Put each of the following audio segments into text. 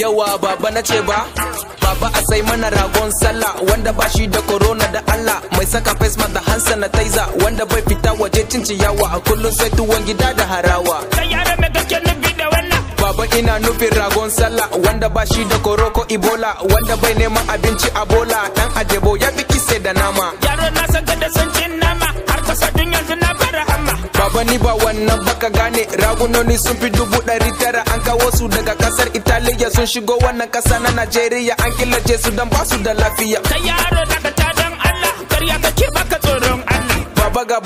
yawa baba na ce ba baba a sai mana ragon sallah wanda ba shi da corona da Allah mai saka face mask da hand taiza wanda bai fita waje cin ciyawa a kullum sai tuwon gida da harawa Baba ina nufin ragon sallah wanda ba shi da koroko ibola wanda bai neman abinci a bola dan ajebo ya fi kise da nama kuma ba wannan baka gane ragunoni sun fi dubu ɗari tara an kawo su daga kasar italiya sun shigo wannan kasa na najeriya an killace su don basu da lafiya kai yaro daga tadan allah karya kake baka tsoron allah baba ga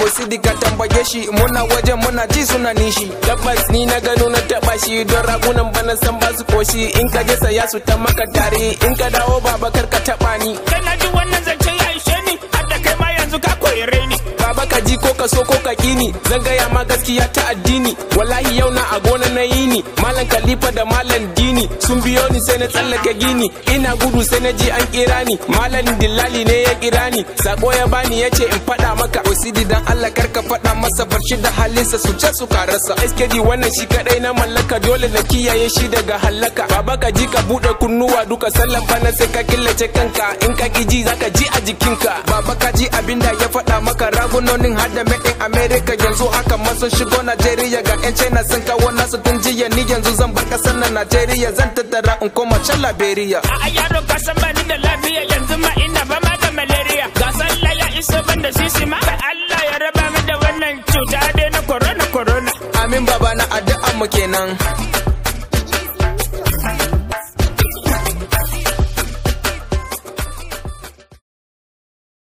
ka tambaye shi muna wajen muna ji suna nishi tabbas ni na gano na taba shi don ragunan bana san ba su koshi in ka je saya su ta maka tare in ka dawo baba kar ka taba ni kana ji wannan zance ya ishe ni hadda kai ma yanzu ka koyi reni baba ka ji ko ka so ko ka kini zan gaya ma gaskiya ta addini wallahi yau na a gona na yi ni malam kalifa da malam dini sun biyo ni sai na tsallake gini ina gudu sai na ji an kira ni malam dillali ne ya kira ni sako ya bani ya ce in faɗa maka osidi dan Allah kar ka faɗa masa farshi da halinsa su ce su karasa skd wannan shi kadai na mallaka dole na kiyaye shi daga hallaka baba ka ji ka buɗe kunnuwa duka sallan bana sai ka killace kanka in ka ki ji zaka ji a jikinka baba ka ji abinda ya faɗa maka ragunonin har da mekin america yanzu haka ma sun shigo nigeria ga yan china sun kawo nasu tun jiya ni yanzu zan bar kasar na nigeria zan tattara in koma can liberia a yaro ka san bani da lafiya yanzu ma ina fama da malaria ga sallah ya iso ban da sisi ma allah ya raba min da wannan cuta dai na corona corona amin baba na addu'a mu kenan